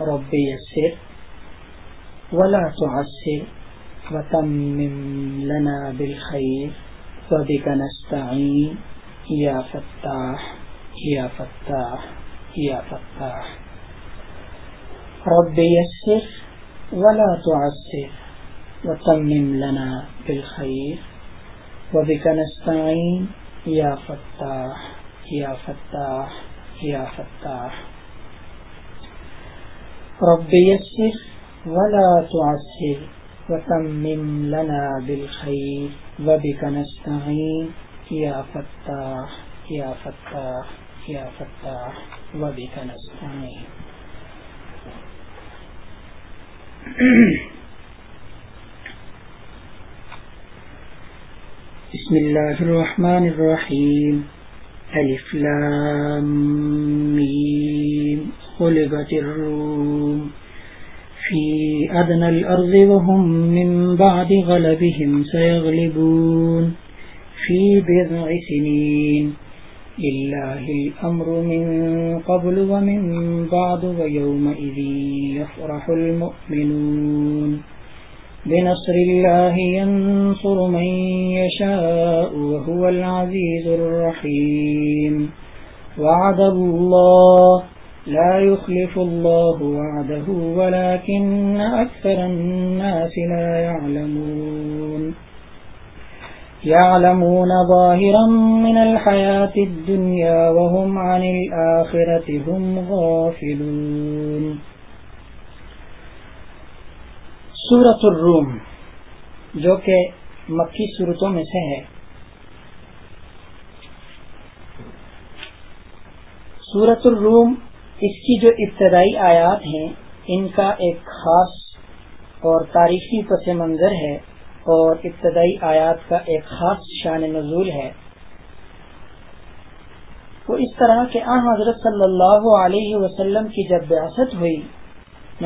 ربي يسر ولا تعسر وتمم لنا بالخير وبك نستعين يا فتاح يا فتاح يا فتاح ربي يسر ولا تعسر وتمم لنا بالخير وبك نستعين يا فتاح يا فتاح يا فتاح رب يسر ولا تعسر وتمم لنا بالخير وبك نستعين يا فتاح يا فتاح يا فتاح وبك نستعين بسم الله الرحمن الرحيم ألف لام ميم غلبت الروم في أدنى الأرض وهم من بعد غلبهم سيغلبون في بضع سنين لله الأمر من قبل ومن بعد ويومئذ يفرح المؤمنون بنصر الله ينصر من يشاء وهو العزيز الرحيم وعد الله لا يخلف الله وعده ولكن أكثر الناس لا يعلمون يعلمون ظاهرا من الحياة الدنيا وهم عن الآخرة هم غافلون سورة الروم جو کہ مکی صورتوں میں سے ہے سورت الروم اس کی جو ابتدائی آیات ہیں ان کا ایک خاص اور تاریخی پس منظر ہے اور ابتدائی آیات کا ایک خاص شان نزول ہے وہ اس طرح کے آن حضرت صلی اللہ علیہ وسلم کی جب بیاست ہوئی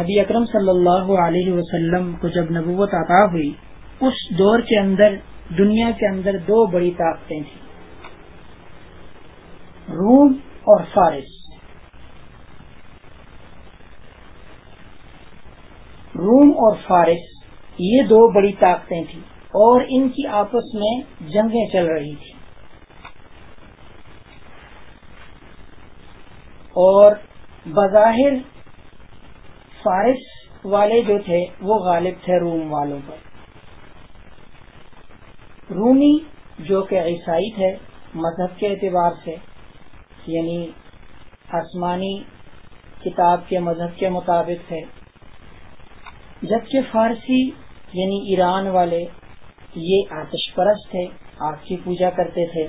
نبی اکرم صلی اللہ علیہ وسلم کو جب نبوت عطا ہوئی اس دور کے اندر دنیا کے اندر دو بڑی طاقتیں تھیں روم اور فارس روم اور فارس یہ دو بڑی طاقتیں تھیں اور ان کی آپس میں جنگیں چل رہی تھیں اور بظاہر فارس والے جو تھے وہ غالب تھے روم والوں پر رومی جو کہ عیسائی تھے مذہب کے اعتبار سے یعنی آسمانی کتاب کے مذہب کے مطابق تھے جبکہ فارسی یعنی ایران والے یہ آتش پرست تھے آگ کی پوجا کرتے تھے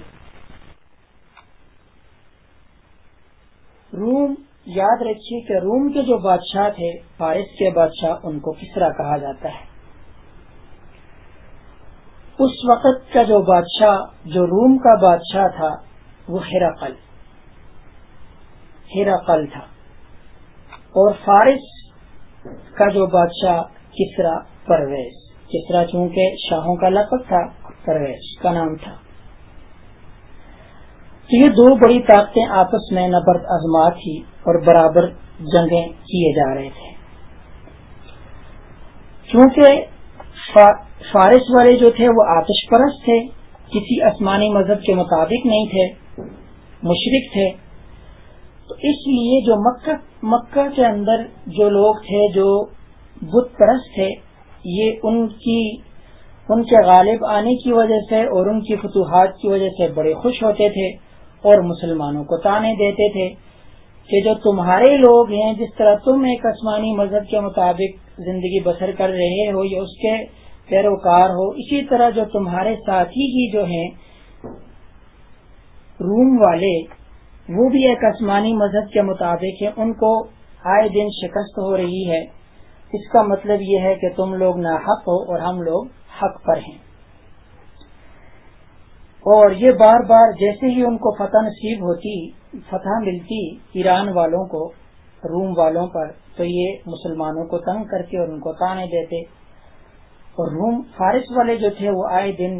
روم یاد رکھیے کہ روم کے جو بادشاہ تھے فارس کے بادشاہ ان کو کس طرح کہا جاتا ہے اس وقت کا جو بادشاہ جو روم کا بادشاہ تھا وہ ہیرا ہیرا تھا اور فارس کا جو بادشاہ کسرا پرویز کسرا چونکہ شاہوں کا لقب تھا پرویز کا نام تھا یہ دو بڑی طاقتیں آپس میں نبرد ازما تھی اور برابر جنگیں کیے جا رہے تھے چونکہ فارس والے جو تھے وہ آتش پرست تھے کسی آسمانی مذہب کے مطابق نہیں تھے مشرق تھے تو اس لیے جو مکہ مکہ کے اندر جو لوگ تھے جو بت پرست تھے یہ ان کی ان کے غالب آنے کی وجہ سے اور ان کی فتوحات کی وجہ سے بڑے خوش ہوتے تھے اور مسلمانوں کو تانے دیتے تھے کہ جو تمہارے لوگ ہیں جس طرح تم ایک آسمانی مذہب کے مطابق زندگی بسر کر رہے ہو یا اس کے پیروکار ہو اسی طرح جو تمہارے ساتھی ہی جو ہیں روم والے وہ بھی ایک آسمانی مذہب کے مطابق ہے ان کو آئے دن شکست ہو رہی ہے اس کا مطلب یہ ہے کہ تم لوگ نہ حق ہو اور ہم لوگ حق پر ہیں اور یہ بار بار جیسے ہی ان کو فتح نصیب ہوتی فتح ملتی ایران والوں کو روم والوں پر تو یہ مسلمانوں کو تنگ کرتے اور ان کو تانے دیتے اور روم فارس والے جو تھے وہ آئے دن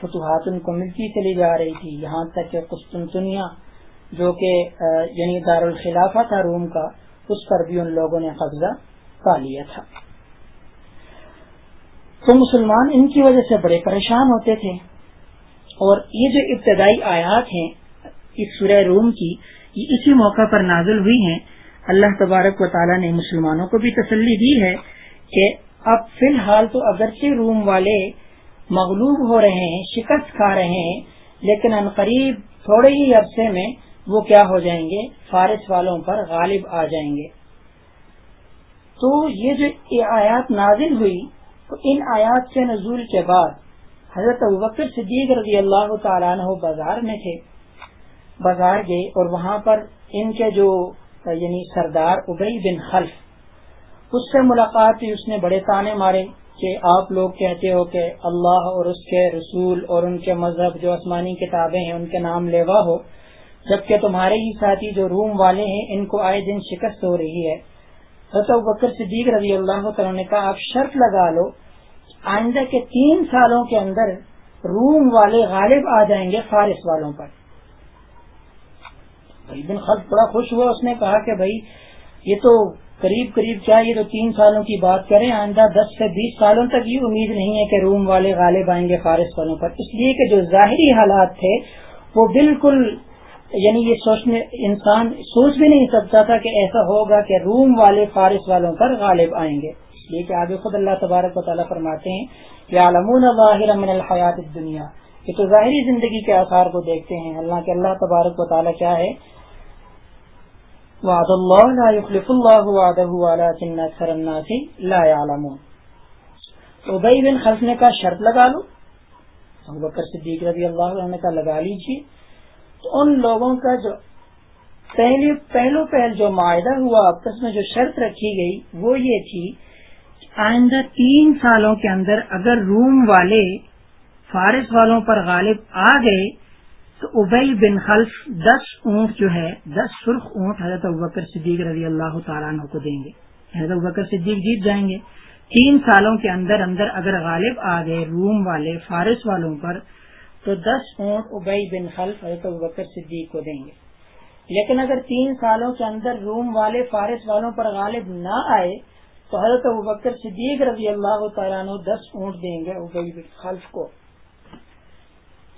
فتوحات ان کو ملتی چلی جا رہی تھی یہاں تک کہ قسطنطنیہ جو کہ یعنی دارالخلافہ تھا روم کا اس پر بھی ان لوگوں نے قبضہ پا لیا تھا تو مسلمان ان کی وجہ سے بڑے پریشان ہوتے تھے اور یہ جو ابتدائی آیات ہیں اس سورہ روم کی یہ اسی موقع پر نازل ہوئی ہیں اللہ تبارک و تعالیٰ نے مسلمانوں کو بھی تسلی دی ہے کہ اب فی الحال تو اگرچہ روم والے مغلوب ہو رہے ہیں شکست کھا رہے ہیں لیکن ان قریب تھوڑے ہی عرصے میں وہ کیا ہو جائیں گے فارس والوں پر غالب آ جائیں گے تو یہ جو آیات نازل ہوئی تو ان آیات کے نزول کے بعد حضرت ابکر صدیق رضی اللہ تعالیٰ نے بازار میں تھے بازار گئے اور وہاں پر ان کے جو یعنی سردار ابئی بن خلف اس سے ملاقات اس نے بڑے تانے مارے کہ آپ لوگ کہتے ہو کہ اللہ اور اس کے رسول اور ان کے مذہب جو آسمانی کتابیں ہیں ان کے نام لیوا ہو جبکہ تمہارے ہی ساتھی جو روم والے ہیں ان کو آئے دن شکست ہو رہی ہے حضرت بکر صدیق رضی اللہ تعالیٰ نے کہا آپ شرط لگا لو آئندہ کے کے تین سالوں اندر روم والے غالب آ جائیں گے فارس والوں پر بن بڑا خوش ہوا اس نے کہا کہ بھائی یہ تو قریب قریب کیا یہ تو تین سالوں کی بات کریں آئندہ دس سے بیس سالوں تک یہ امید نہیں ہے کہ روم والے غالب آئیں گے فارس والوں پر اس لیے کہ جو ظاہری حالات تھے وہ بالکل یعنی یہ سوچنے انسان سوچ بھی نہیں سکتا تھا کہ ایسا ہوگا کہ روم والے فارس والوں پر غالب آئیں گے لیکن آگے خود اللہ تبارک و تعالیٰ فرماتے ہیں کہ عالمون من الحیات دنیا یہ تو ظاہری زندگی کے آثار کو دیکھتے ہیں اللہ کے اللہ تبارک و تعالیٰ کیا ہے وعد اللہ لا یخلف اللہ وعده علی الناس لا یعلمون تو بھائی بن خزنے کا شرط لگا لو ابو بکر صدیق رضی اللہ عنہ کا لگا لیجیے تو ان لوگوں کا جو پہلی پہلو پہل جو معاہدہ ہوا آپس میں جو شرط رکھی گئی وہ یہ تھی آئندہ تین سالوں کے اندر اگر روم والے فارس والوں پر غالب آ گئے تو ابئی بن خلف دس اونٹ جو ہے دس سرخ اونٹ حضرت ابکر صدیق رضی اللہ تعالیٰ عنہ کو دیں گے حضرت ابکر صدیق جیت جائیں گے تین سالوں کے اندر اندر اگر غالب آ گئے روم والے فارس والوں پر تو دس اونٹ ابئی بن خلف حضرت بکر صدیق کو دیں گے لیکن اگر تین سالوں کے اندر روم والے فارس والوں پر غالب نہ آئے تو حضرت بکر صدیق رضی اللہ تعالیٰ دس اونٹ دیں گے ابئی بن خلف کو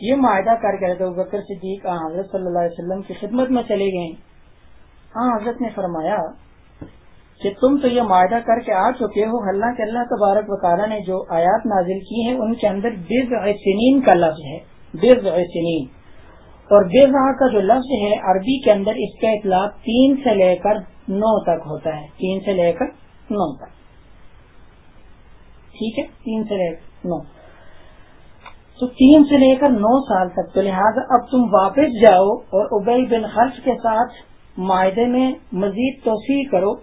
یہ معاہدہ کر کے حضرت بکر صدیق آن حضرت صلی اللہ علیہ وسلم کی خدمت میں چلے گئے حضرت نے فرمایا کہ تم تو یہ معاہدہ کر کے آ چکے ہو اللہ کے اللہ تبارک وکارہ نے جو آیات نازل کی ہیں ان کے اندر بز سنین کا لفظ ہے اور دیرزاں کا جو لفظ ہے عربی کے اندر اس کا اطلاع تین سے لے کر نو تک ہوتا ہے تین سے لے کر نو تک ٹھیک ہے تین سے لے کر نو تو تین سے لے کر نو سال تک تو لہٰذا اب تم واپس جاؤ اور ابئی بن خرچ کے ساتھ معاہدے میں مزید توسیع کرو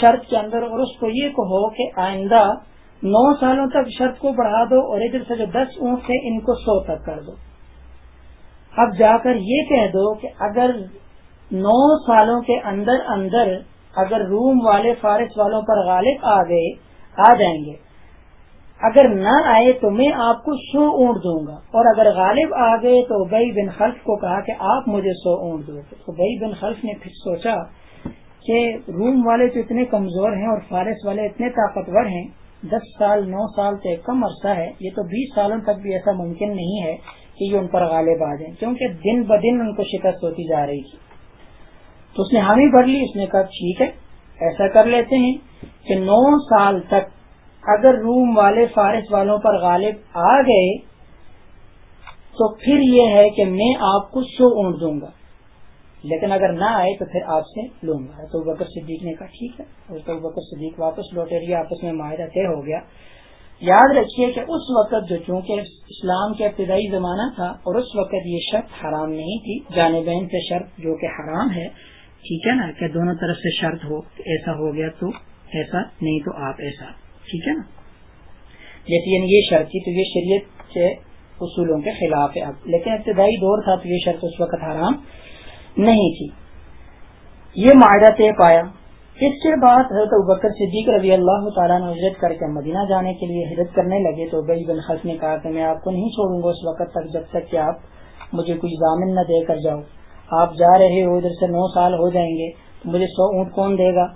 شرط کے اندر اور اس کو یہ کہو کہ آئندہ نو سالوں تک شرط کو بڑھا دو اور ادھر سے جو دس اونٹ تھے ان کو سو تک کر دو اب جا کر یہ کہہ دو کہ اگر نو سالوں کے اندر اندر اگر روم والے فارس والوں پر غالب آ گئے آ جائیں گے اگر نہ آئے تو میں آپ کو سو اونٹ دوں گا اور اگر غالب آ گئے تو بئی بن خلف کو کہا کہ آپ مجھے سو اونٹ دو بئی بن خلف نے پھر سوچا کہ روم والے تو اتنے کمزور ہیں اور فارس والے اتنے طاقتور ہیں دس سال نو سال سے کم عرصہ ہے یہ تو بیس سالوں تک بھی ایسا ممکن نہیں ہے کہ یہ ان پر غالب آ جائیں کیونکہ دن بدن ان کو شکست ہوتی جا رہی تھی تو اس نے حامی بھر لی اس نے کہا ٹھیک ہے ایسا کر لیتے ہیں کہ نو سال تک اگر روم والے فارس والوں پر غالب آ گئے تو پھر یہ ہے کہ میں آپ کو سو اونٹ دوں گا لیکن اگر نہ آئے تو پھر آپ سے لوں گا تو بکر صدیق نے کہا ٹھیک ہے تو بکر صدیق واپس لوٹے رہی آپس میں معاہدہ طے ہو گیا یاد رکھیے کہ اس وقت جو چونکہ اسلام کا ابتدائی زمانہ تھا اور اس وقت یہ شرط حرام نہیں تھی جانبین سے شرط جو کہ حرام ہے ٹھیک ہے نا کہ دونوں طرف سے شرط ہو ایسا ہو گیا تو ایسا نہیں تو آپ ایسا ٹھیک ہے نا جیسے یعنی یہ شرط تھی تو یہ شریعت کے اصولوں کے خلاف ہے اب لیکن ابتدائی دور تھا تو یہ شرط اس وقت حرام نہیں تھی یہ معاہدہ طے پایا اس کے بعد حضرت ابکر صدیق رضی اللہ تعالیٰ نے ہجرت کر کے مدینہ جانے کے لیے ہجرت کرنے لگے تو بے خط نے کہا کہ میں آپ کو نہیں چھوڑوں گا اس وقت تک جب تک کہ آپ مجھے کچھ نہ دے کر جاؤ آپ جا رہے ہو ادھر سے نو سال ہو جائیں گے مجھے سو اونٹ کون دے گا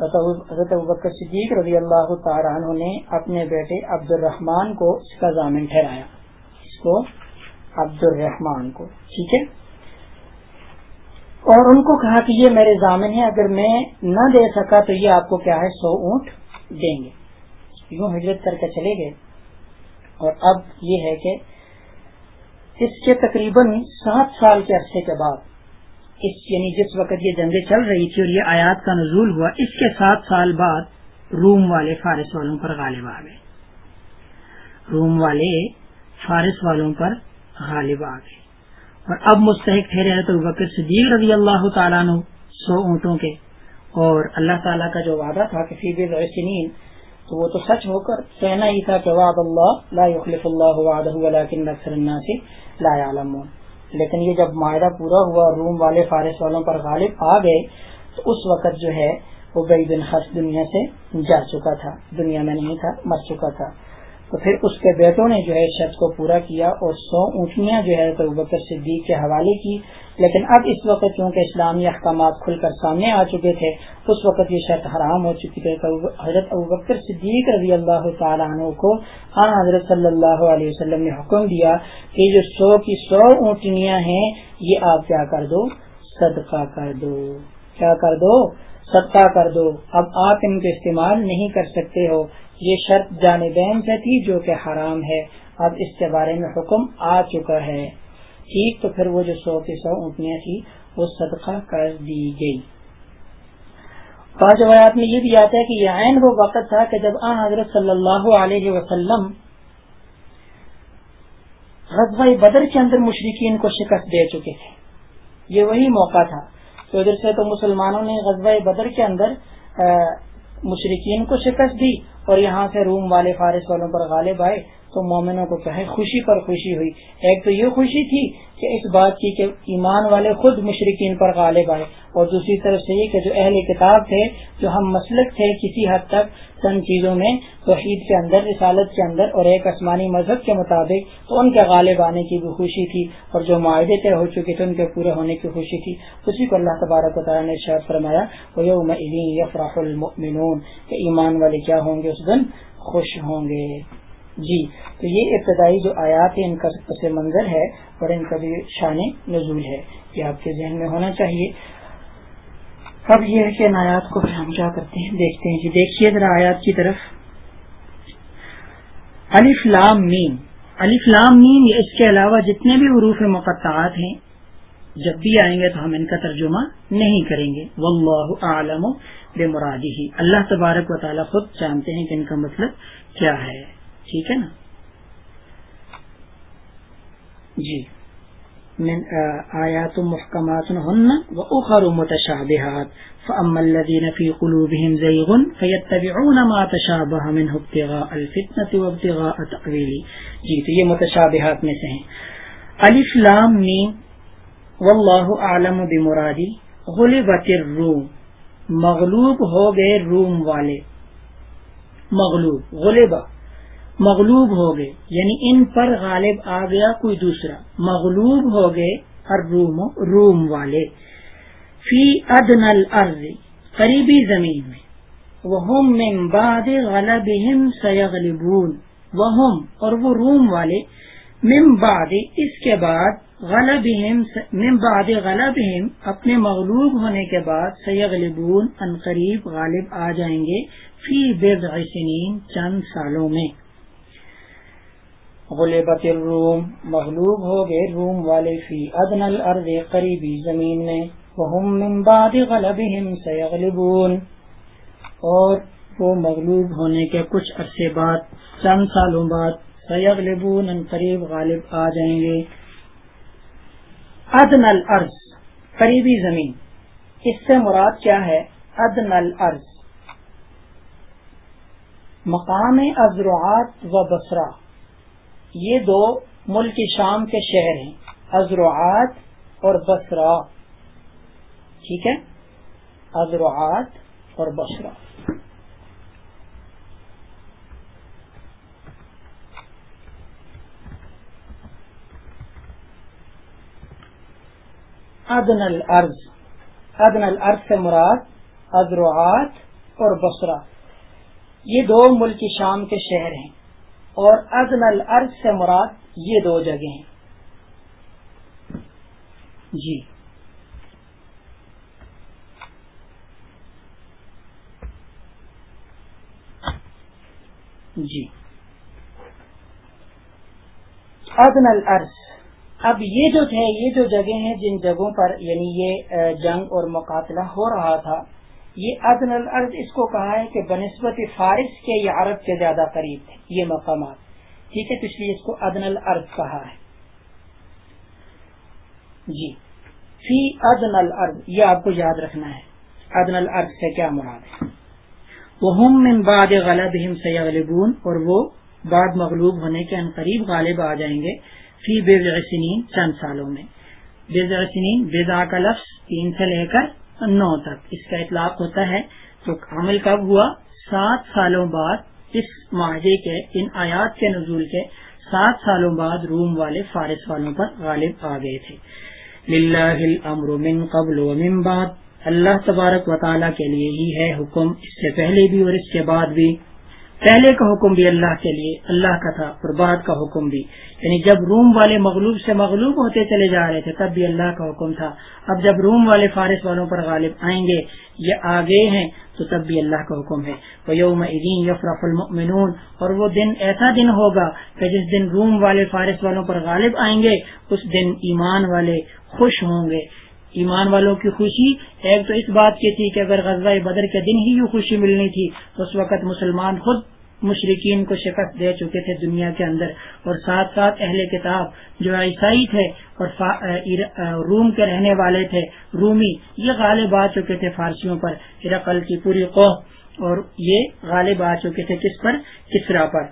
حضرت ابکر صدیق رضی اللہ تعالیٰ عنہ نے اپنے بیٹے عبد الرحمان کو اس کا ضامن ٹھہرایا اس کو عبد الرحمان کو ٹھیک ہے اور ان کو کہا کہ یہ میرے ضامن ہیں اگر میں نہ دے سکا تو یہ آپ کو کیا ہے سو اونٹ دیں گے یوں ہجرت کر کے چلے گئے اور اب یہ ہے کہ اس کے تقریباً سات سال کے عرصے کے بعد اس یعنی جس وقت یہ جنگیں چل رہی تھی اور یہ آیات کا نزول ہوا اس کے سات سال بعد روم والے فارس والوں پر غالب آ گئے روم والے فارس والوں پر غالب آ گئے اور اب مستحق ٹھہرے بکر صدیق رضی اللہ تعالیٰ سو اونٹوں کے اور اللہ تعالیٰ کا جو وعدہ تھا کسی بھی تو وہ تو سچ ہو کر سہنا ہی تھا کہ وعد اللہ لا اللہ وعدہ الناس لا لیکن یہ جب معاہدہ پورا ہوا روم والے فارس والوں پر غالب آ گئے تو اس وقت جو ہے وہ گری دن دنیا سے جا چکا تھا دنیا میں نہیں تھا مر چکا تھا تو پھر اس کے بیٹوں نے جو ہے شرط کو پورا کیا اور سو اونٹنیاں جو ہے تو بکر صدیق کے حوالے کی لیکن اب اس وقت چونکہ اسلامی احکامات کھل کر سامنے آ چکے تھے اس وقت یہ شرط حرام ہو چکی تھی حضرت ابوبکر صدیق رضی اللہ تعالیٰ عنہ کو حضرت صلی اللہ علیہ وسلم نے حکم دیا کہ جو سو کی سو اونٹنیاں ہیں یہ آپ کیا کر دو صدقہ کر دو کیا کر دو صدقہ کر دو اب آپ ان کو استعمال نہیں کر سکتے ہو یہ شرط جانبین سے تھی جو کہ حرام ہے اب اس کے بارے میں حکم آ چکا ہے ٹھیک تو پھر وہ جو سو کی سو اونٹیاں تھی وہ صدقہ کر دی گئی پانچ روایات میں یہ بھی آتا ہے کہ یہ عین وہ وقت تھا کہ جب آ حضرت صلی اللہ علیہ وسلم رضو بدر کے اندر مشرقین کو شکست دے چکے تھے یہ وہی موقع تھا تو ادھر سے تو مسلمانوں نے غزوہ بدر کے اندر مشرقین کو شکست دی اور یہاں سے روم والے فارس والوں پر غالب آئے تو مومنوں کو کہے خوشی پر خوشی ہوئی ایک تو یہ خوشی تھی کہ اس بات کی کہ ایمان والے خود مشرقین پر غالب آئے اور دوسری طرف سے یہ کہ جو اہل کتاب تھے جو ہم مسلک تھے کسی حد تک چند چیزوں میں توحید کے اندر رسالت کے اندر اور ایک آسمانی مذہب کے مطابق تو ان کے غالب آنے کی بھی خوشی تھی اور جو معاہدے طے ہو چکے تھے ان کے پورے ہونے کی خوشی تھی اسی کو اللہ تبارک تعالیٰ نے شاید فرمایا ایمان والے کیا ہوں گے اس دن خوش ہوں گے جی تو یہ ابتدائی جو آیات ان کا پس منظر ہے اور ان کا بھی شان نزول ہے یہ آپ کے ذہن میں ہونا چاہیے اب یہ ہے کہ ان آیات کو کرتے ہیں دیکھتے ہیں جی دیکھیے ذرا آیات کی طرف الف لام مین الف لام مین یا اس کے علاوہ جتنے بھی حروف مقطعات ہیں جب بھی آئیں گے تو ہم ان کا ترجمہ نہیں کریں گے واللہ بے مرادی اللہ تبارک و تعالیٰ خود جانتے ہیں کہ ان کا مطلب کیا ہے ٹھیک ہے نا جی من آیات محکمات ہن و اخر متشابہات فاما الذین فی قلوبہم زیغن فیتبعون ما تشابہ من ابتغاء الفتنة و ابتغاء تقویلی جی تو یہ متشابہات میں سے ہیں علف لام می واللہ اعلم بمرادی غلبت الروم مغلوب ہو گئے روم والے مغلوب غلبہ مغلوب ہو گئے یعنی ان پر غالب آ گیا کوئی دوسرا مغلوب ہو گئے روم والے فی ادن الارض قریبی زمین میں وہ اور وہ روم والے مم باد اس کے بعد غلط مم باد غلط اپنے مغلوب ہونے کے بعد سیغلبون ان قریب غالب آ جائیں گے فی بے سنین چند سالوں میں غلبت الروم مغلوب ہو گئے روم والے فی ادن الارض قریبی زمین میں من بعد سیغلبون اور وہ مغلوب ہونے کے کچھ عرصے بعد چند سالوں بعد سیغلبون ان قریب غالب آ جائیں گے ادن الارض قریبی زمین اس سے مراد کیا ہے ادن الارض مقام ازرعات و بسرا یہ دو ملک شام کے شہر ہیں ازروعات اور بسرا ٹھیک ہے ازروعات اور بسرا ادن الارض ادن الارض سے مراد ازروعات اور بسرا یہ دو ملک شام کے شہر ہیں اور ازن الارض سے مراد یہ دو جگہ ہیں جی جی ازن الارض اب یہ جو تھے یہ جو جگہ ہیں جن جگہوں پر یعنی یہ جنگ اور مقاتلہ ہو رہا تھا یہ ادن الارض اس کو کہا ہے کہ بنسبت فارس کے یا عرب کے زیادہ قریب تھے یہ مقامات ٹھیک ہے تو اس کو ادن الارض کہا ہے جی فی ادن الارض یہ آپ کو یاد رکھنا ہے ادن الارض سے کیا مراد ہے وہ غلط اور وہ بعد مغلوب ہونے کے ان قریب غالب آ جائیں گے فی بے سنین چند سالوں میں بے سنین بے زا کا لفظ تین سے لے کر نو تک اس کا اطلاق ہوتا ہے تو کامل کب ہوا سات سالوں بعد اس معاہدے کے ان آیات کے نزول کے سات سالوں بعد روم والے فارس والوں پر غالب آ گئے تھے للہ الامر من قبل بعد اللہ تبارک و تعالیٰ کے لیے ہی ہے حکم اس سے پہلے بھی اور اس کے بعد بھی پہلے کا حکم بھی اللہ کے لیے اللہ کا تھا اور بعد کا حکم بھی یعنی جب روم والے مغلوب سے مغلوب ہوتے چلے جا رہے تھے تب بھی اللہ کا حکم تھا اب جب روم والے فارس والوں پر غالب آئیں گے یہ آگے ہیں تو تب بھی اللہ کا حکم ہے وہ یوم عیدین یفرف المؤمنون اور وہ دن ایسا دن ہوگا کہ جس دن روم والے فارس والوں پر غالب آئیں گے اس دن ایمان والے خوش ہوں گے ایمان والوں کی خوشی ایک تو اس بات کی تھی کہ اگر غزوہ بدر کے دن ہی یوں خوشی ملنی تھی تو اس وقت مسلمان خود مشرقین کو شکست دے چکے تھے دنیا کے اندر اور ساتھ ساتھ اہل کتاب جو عیسائی تھے اور روم کے رہنے والے تھے رومی یہ غالب آ چکے تھے فارسیوں پر ہرقل کی پوری قوم اور یہ غالب آ چکے تھے کس پر کسرا پر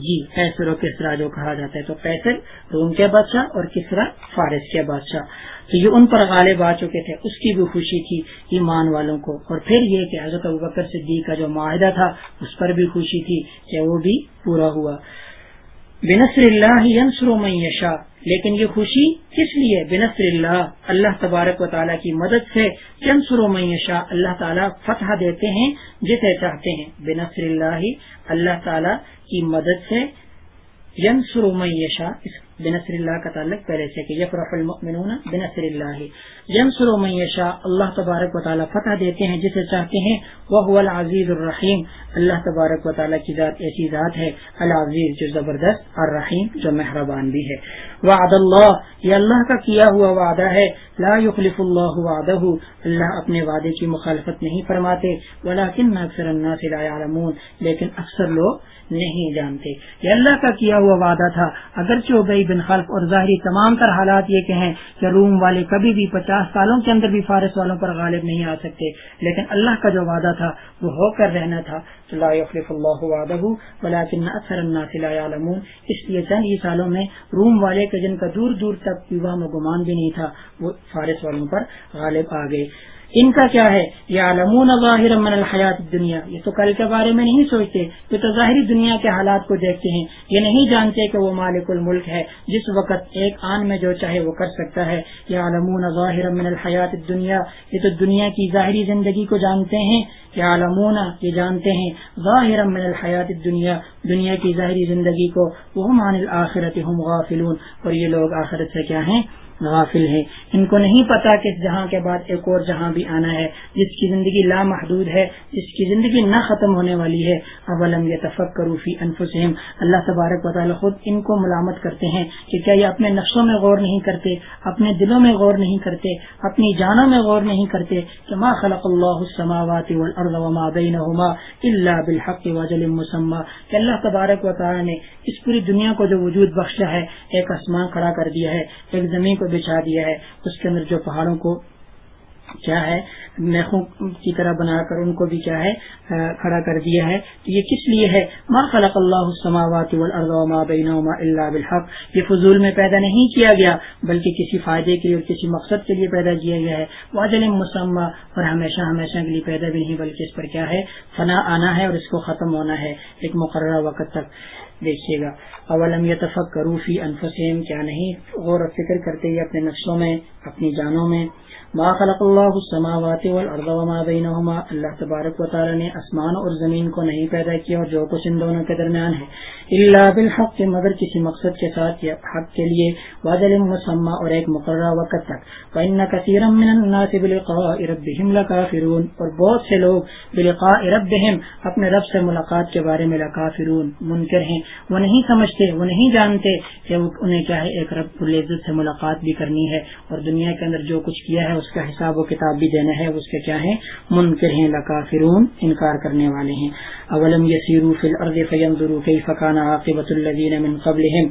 جی پیسر اور کسرا جو کہا جاتا ہے تو پیسر روم کے بادشاہ اور کسرا فارس کے بادشاہ تو یہ ان پر غالب آ چکے تھے اس کی بھی خوشی تھی ایمان والوں کو اور پھر یہ کہ حضرت صدیق کا جو معاہدہ تھا اس پر بھی خوشی تھی کہ وہ بھی پورا ہوا بنصر اللہ و میشا لیکن یہ خوشی کس لیے بنسر اللہ اللہ تبارک و تعالیٰ کی مدد سے و میشا اللہ تعالیٰ فتح دیتے ہیں جسے چاہتے ہیں بنصر اللہ اللہ تعالیٰ کی مدد سے یمسرو میشا اس بنصر اللہ کا تعلق پہلے سے یفرح المؤمنون بنصر اللہ تبارک و تعالی فتح دیتے ہیں جسے چاہتے ہیں الرحیم اللہ تبارک و تعالی کی ذات ایسی ذات ہے العزیز جو زبردست الرحیم جو مہربان بھی ہے اللہ کا کیا ہوا وعدہ ہے لا یخلف اللہ اللہ اپنے وعدے کی مخالفت نہیں فرماتے الناس لا لیکن اکثر لوگ نہیں جانتے یہ اللہ کا کیا ہوا وعدہ تھا اگر چاہیے بن خلف اور ظاہری تمام تر حالات یہ کہ ہیں کہ روم والے کبھی بھی پچاس سالوں کے اندر بھی فارس والوں پر غالب نہیں آ سکتے لیکن اللہ کا جو وعدہ تھا وہ ہو کر رہنا تھا اللہ اس لیے چند ہی سالوں میں روم والے کے جن کا دور دور تک پیوا میں گمان بھی نہیں تھا وہ فارس والوں پر غالب آ گئے ان کا کیا ہے یا علمون ظاہر من الحیات دنیا یہ تو کل کے بارے میں نہیں سوچتے یہ تو ظاہری دنیا کے حالات کو دیکھتے ہیں یہ نہیں جانتے کہ وہ مالک الملک ہے جس وقت ایک آن میں جو چاہے وہ کر سکتا ہے یا علمون ظاہر من الحیات دنیا یہ تو دنیا کی ظاہری زندگی کو جانتے ہیں یا علمون یہ جانتے ہیں ظاہر من الحیات دنیا دنیا کی ظاہری زندگی کو وہ مان الآخرت ہم غافلون اور یہ لوگ آخرت سے کیا ہیں ہیں ان کو نہیں پتا کہ جہاں کے بعد ایک اور جہاں بھی آنا ہے جس کی زندگی لامحدود ہے جس کی زندگی نہ ختم ہونے والی ہے اولم یہ اب کروفی انفسم اللہ تبارک و خود ان کو ملامت کرتے ہیں کہ کیا یہ اپنے نقشوں میں غور نہیں کرتے اپنے دلوں میں غور نہیں کرتے اپنی جانوں میں غور نہیں کرتے کہ ما خلق اللہ السماوات والارض وما بینہما بالحق کہ اللہ تبارک وطالعہ نے اس پوری دنیا کو جو وجود بخشا ہے ایک آسمان کھڑا کر دیا ہے ایک زمین کو بچھا دیا ہے اس کے اندر جو پہاڑوں کو کیا ہے نیکوں کی طرح بنا کر ان کو بھی کیا ہے کھڑا کر دیا ہے تو یہ کس لیے ہے ما خلق اللہ السماوات والارض وما بینہما الا بالحق یہ فضول میں پیدا نہیں کیا گیا بلکہ کسی فائدے کے لیے اور کسی مقصد کے لیے پیدا کیا گیا ہے واجل مسمہ اور ہمیشہ ہمیشہ کے لیے پیدا بھی نہیں بلکہ اس پر کیا ہے فنا آنا ہے اور اس کو ختم ہونا ہے ایک مقررہ وقت تک دیکھیے گا اولم یتفق فی انفسین کیا نہیں غور و فکر کرتے ہی اپنے نقشوں میں اپنی جانوں میں ما خلق اللہ السماوات والارض وما بینہما اللہ تبارک و تعالی نے اسمان اور زمین کو نہیں پیدا کیا اور جو کچھ ان دونوں کے درمیان ہے اللہ بالحق کے مگر کسی مقصد کے ساتھ یا حق کے لیے واجل مسمع اور ایک مقررہ وقت تک النَّاسِ بِلِقَاءِ رَبِّهِمْ لَكَافِرُونَ اور بہت سے لوگ بلقاء ربهم اپنے رب سے ملاقات کے بارے میں لکافرون منکر ہیں وہ نہیں سمجھتے سے وہ نہیں جانتے کہ انہیں کیا ہے ایک رب العزت سے ملاقات بھی کرنی ہے اور دنیا کے اندر جو کچھ کیا ہے اس کا حساب و کتاب بھی دینا ہے اس کے کیا ہے منکر ہیں لکافرون انکار کرنے والے ہیں اولم یسیرو فی الارض کیف کان عاقبۃ الذین من قبلہم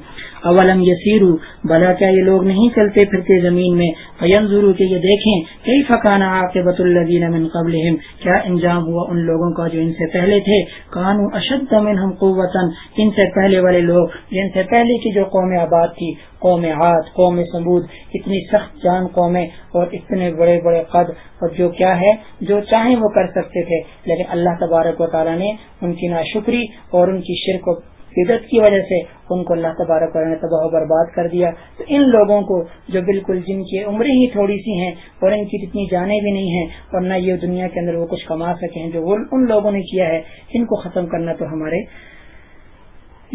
اولم یسیرو بلا کیا یہ لوگ نہیں چلتے پھرتے زمین میں یہ دیکھیں کئی آ کے انجام ہوا ان لوگوں کا جو ان سے پہلے تھے اشد ان سے پہلے والے لوگ جن سے پہلے کی جو قوم آباد تھی قوم ہاتھ قوم سمود اتنی سخت جان قومیں اور اتنے بڑے بڑے قد اور جو کیا ہے جو چاہیں وہ کر سکتے تھے لیکن اللہ تبارک و تعالیٰ نے ان کی ناشکری اور ان کی شرک و بدت کی وجہ سے ان کو اللہ تبارک نے تباہ و برباد کر دیا تو ان لوگوں کو جو بالکل جن کی عمریں ہی تھوڑی سی ہیں اور ان کی اتنی جانیں بھی نہیں ہیں اور نہ یہ دنیا کے اندر وہ کچھ کما سکے ہیں جو ان لوگوں نے کیا ہے ان کو ختم کرنا تو ہمارے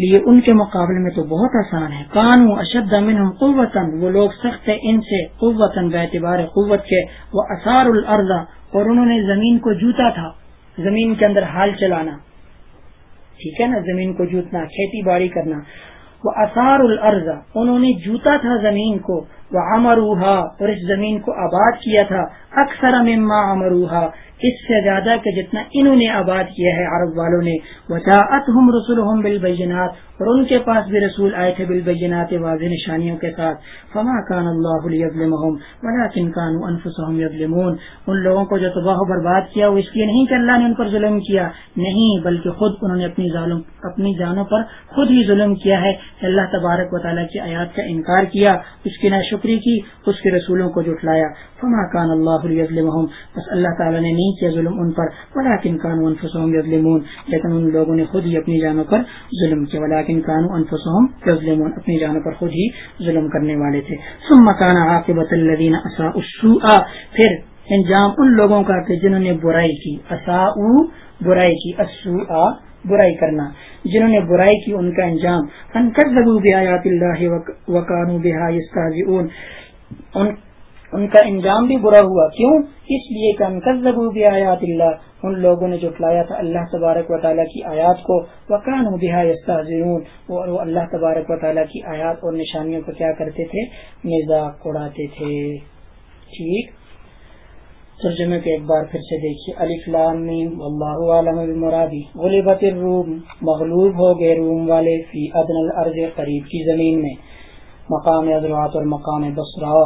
لیے ان کے مقابلے میں تو بہت آسان ہے اشد کانوں اشدن وہ لوگ سخت ہیں ان سے قوت بے اعتبار قوت کے وہ اثار الارض اور انہوں نے زمین کو جوتا تھا زمین کے اندر حال چلانا ٹھیک ہے نا زمین کو جوتنا کھیتی باڑی کرنا وہ اثار العرض انہوں نے جوتا تھا زمین کو وہ امروہا اور اس زمین کو آباد کیا تھا اکثر مما امروہا اس سے زیادہ کہ جتنا انہوں نے آباد کیا ہے عرب والوں نے ہم ہم رسول اور ان کے پاس بھی رسول آئے تھے بل نشانیوں کے ساتھ فما کان اللہ ولیکن کن انفسہم ابل ان لوگوں کو جو تباہ و برباد کیا وہ اس لیے نہیں کہ اللہ نے ان پر ظلم کیا نہیں بلکہ خود انہوں نے اپنی ظالم اپنی جانوں پر خود ہی ظلم کیا ہے اللہ تبارک و تعالیٰ کی آیات کا انکار کیا اس کی نہ کی اس کے رسولوں کو جٹلایا فما کان اللہ بس اللہ تعالیٰ نے نہیں کیا ظلم ان پر ولا کن قانو ان لیکن ان لوگوں نے خود ہی اپنی جانوں پر ظلم کیا بلا کن قانو ان اپنی جانوں پر خود ہی ظلم کرنے والے تھے سم مکان الذین اساء السوء پھر انجام ان لوگوں کا تھے جنہوں نے برائی کی اساء برائی کی اصو برائی کرنا جنہوں نے برائی کی ان کا انجام ان کا انجام بھی برا ہوا کیوں اس لیے انکس ضبوط اللہ ان لوگوں نے جو اللہ تبارک و تعالیٰ کی آیات کو وقان اللہ تبارک و تعالیٰ کی آیات اور نشانیوں کو کیا کرتے تھے مزاق اڑاتے تھے ٹھیک ترجمے کے ایک بار پھر سے دیکھیے علی فلام نیم اللہ عالم مرادی روم مغلوب ہو گئے روم والے فی ادن قریب کی زمین میں مقام عضرات اور مقام بسرا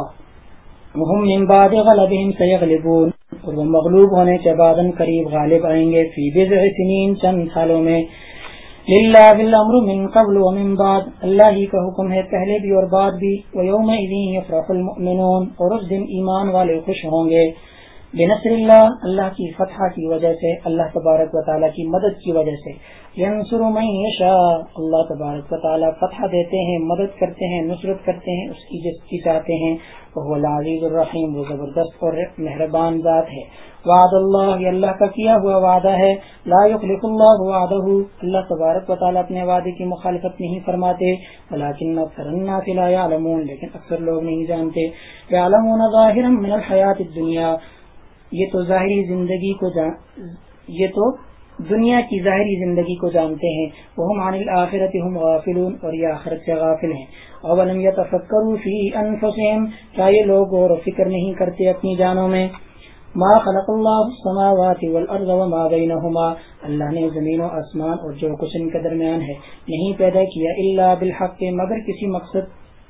سيغلبون اور وہ مغلوب ہونے کے بعد قریب غالب آئیں گے فی چند سالوں میں من قبل بعد اللہ ہی کا حکم ہے پہلے بھی اور بعد بھی المؤمنون اور اس دن ایمان والے خوش ہوں گے بنصر اللہ اللہ کی فتح کی وجہ سے اللہ تبارک و تعالیٰ کی مدد کی وجہ سے ینصر اللہ تبارک و تعالیٰ فتح دیتے ہیں مدد کرتے ہیں نصرت کرتے ہیں اس کی جس کی چاہتے ہیں وہ وہ العزیز الرحیم زبردست اور مہربان ذات ہے وعد اللہ یہ اللہ کا کیا ہوا وعدہ ہے لا وادہ اللہ وعدہ اللہ تبارک و تعالیٰ اپنے وعدے کی مخالفت نہیں فرماتے ولیکن اکثر الناس لا لیکن اکثر لوگ نہیں جانتے یعلمون ظاہرا من الحیات الدنیا یہ تو ظاہری زندگی کو جان یہ تو دنیا کی ظاہری زندگی کو جانتے ہیں وہ ہم اور یہ آخرت سے غافل ہیں اولم یا لوگ غور و فکر نہیں کرتے اپنی جانوں میں ما خلق اللہ والارض وما اللہ نے زمین و آسمان اور جو کچھ ان کے درمیان ہے نہیں پیدا کیا اللہ بالحق مگر کسی مقصد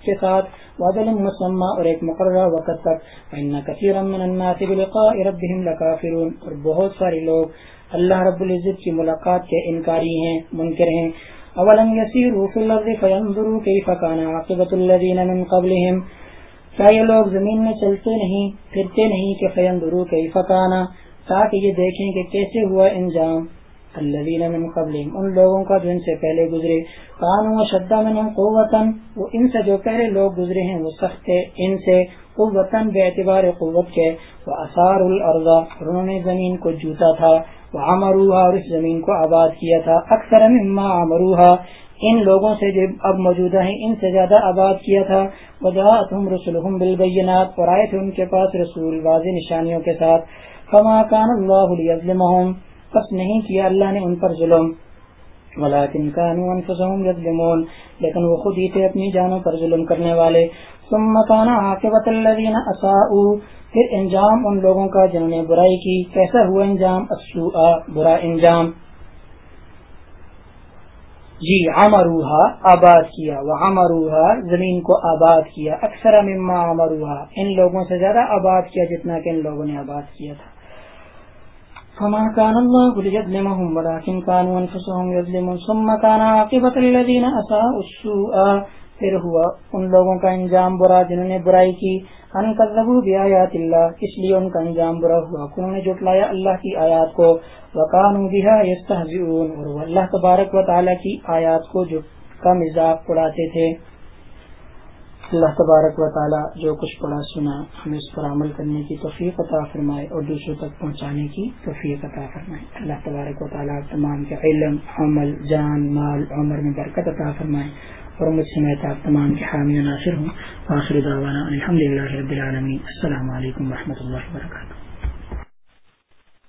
کے ساتھ وادل مسمہ اور ایک مقررہ وقت تک ان کثیر من الناس بلقاء ربهم لکافرون اور بہت سارے لوگ اللہ رب العزت کی ملاقات کے انکاری ہیں منکر ہیں اولم یسیروا فی الارض فینظروا کیف کان عاقبۃ الذین من قبلهم کیا یہ لوگ زمین میں چلتے نہیں پھرتے نہیں کہ فیندرو کیفتانا تاکہ یہ دیکھیں کہ کیسے ہوا انجام اللہ قبل ان لوگوں کا جو ان سے پہلے گزری شدہ شردا مین قوتن ان سے جو پہلے لوگ گزرے ہیں وہ سخت ان سے بے اعتبار قوت کے وہ اثار الرضا انہوں نے زمین کو جوتا تھا وہ امروہا اور اس زمین کو آباد کیا تھا اکثر مما امروہا ان لوگوں سے جو اب موجودہ ہیں ان سے زیادہ آباد کیا تھا اور آئے تھے ان کے پاس رسول واضح نشانیوں کے ساتھ فما کان اللہ علیم نہیں کیا اللہ نے ان پر ظلم لیکن وہ خود ہی تھے اپنی جانوں پر ظلم کرنے والے ثم پھر انجام ان لوگوں کا جنہوں نے برائی کی کیسا ہوا انجام برا انجام جی عمروہا آباد کیا وہاں زمین کو آباد کیا اکثر مما عمروہا ان لوگوں سے زیادہ آباد کیا جتنا کہ ان لوگوں نے آباد کیا تھا فما كان الله ليظلمهم ولكن كانوا أنفسهم يظلمون ثم كان عاقبة الذين أساءوا السوء پھر ہوا ان لوگوں کا انجام برا جنہوں نے برائی کی ان کذبو بھی آیات اللہ اس لیے ان کا انجام برا ہوا انہوں نے جٹلایا اللہ کی آیات کو وکانو بھی ہے اور وہ اللہ تبارک و تعالیٰ کی آیات کو جو کا مزاق اڑاتے تھے اللہ تبارک و تعالی جو کچھ پڑا سنا ہمیں اس پر عمل کرنے کی توفیق عطا فرمائے اور دوسروں تک پہنچانے کی توفیق عطا فرمائے اللہ تبارک و تعالیٰ تمام کے علم عمل جان مال عمر میں برکت عطا فرمائے اور مجھ سے میں تو تمام کے حامی ناصر ہوں آخر دعوانا الحمد للہ رب العالمین السلام علیکم و اللہ وبرکاتہ